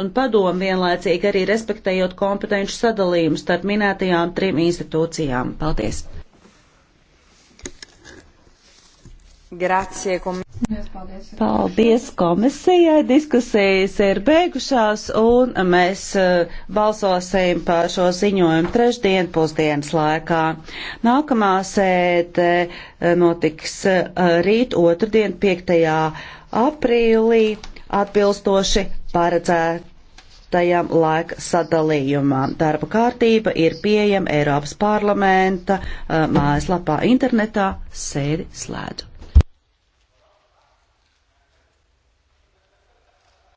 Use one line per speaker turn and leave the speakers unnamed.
un padomu vienlaicīgi arī respektējot kompetenci sadalījumu starp minētajām trim institūcijām. Paldies!
Grazie, komis
Paldies komisijai. Diskusijas ir beigušās un mēs eh, balsosim par šo ziņojumu trešdien pusdienas laikā. Nākamā sēde eh, notiks eh, rīt otrdien 5. aprīlī atbilstoši paredzētajam laika sadalījumam. Darba kārtība ir pieejama Eiropas parlamenta eh, mājaslapā internetā. Sēdi slēdzu.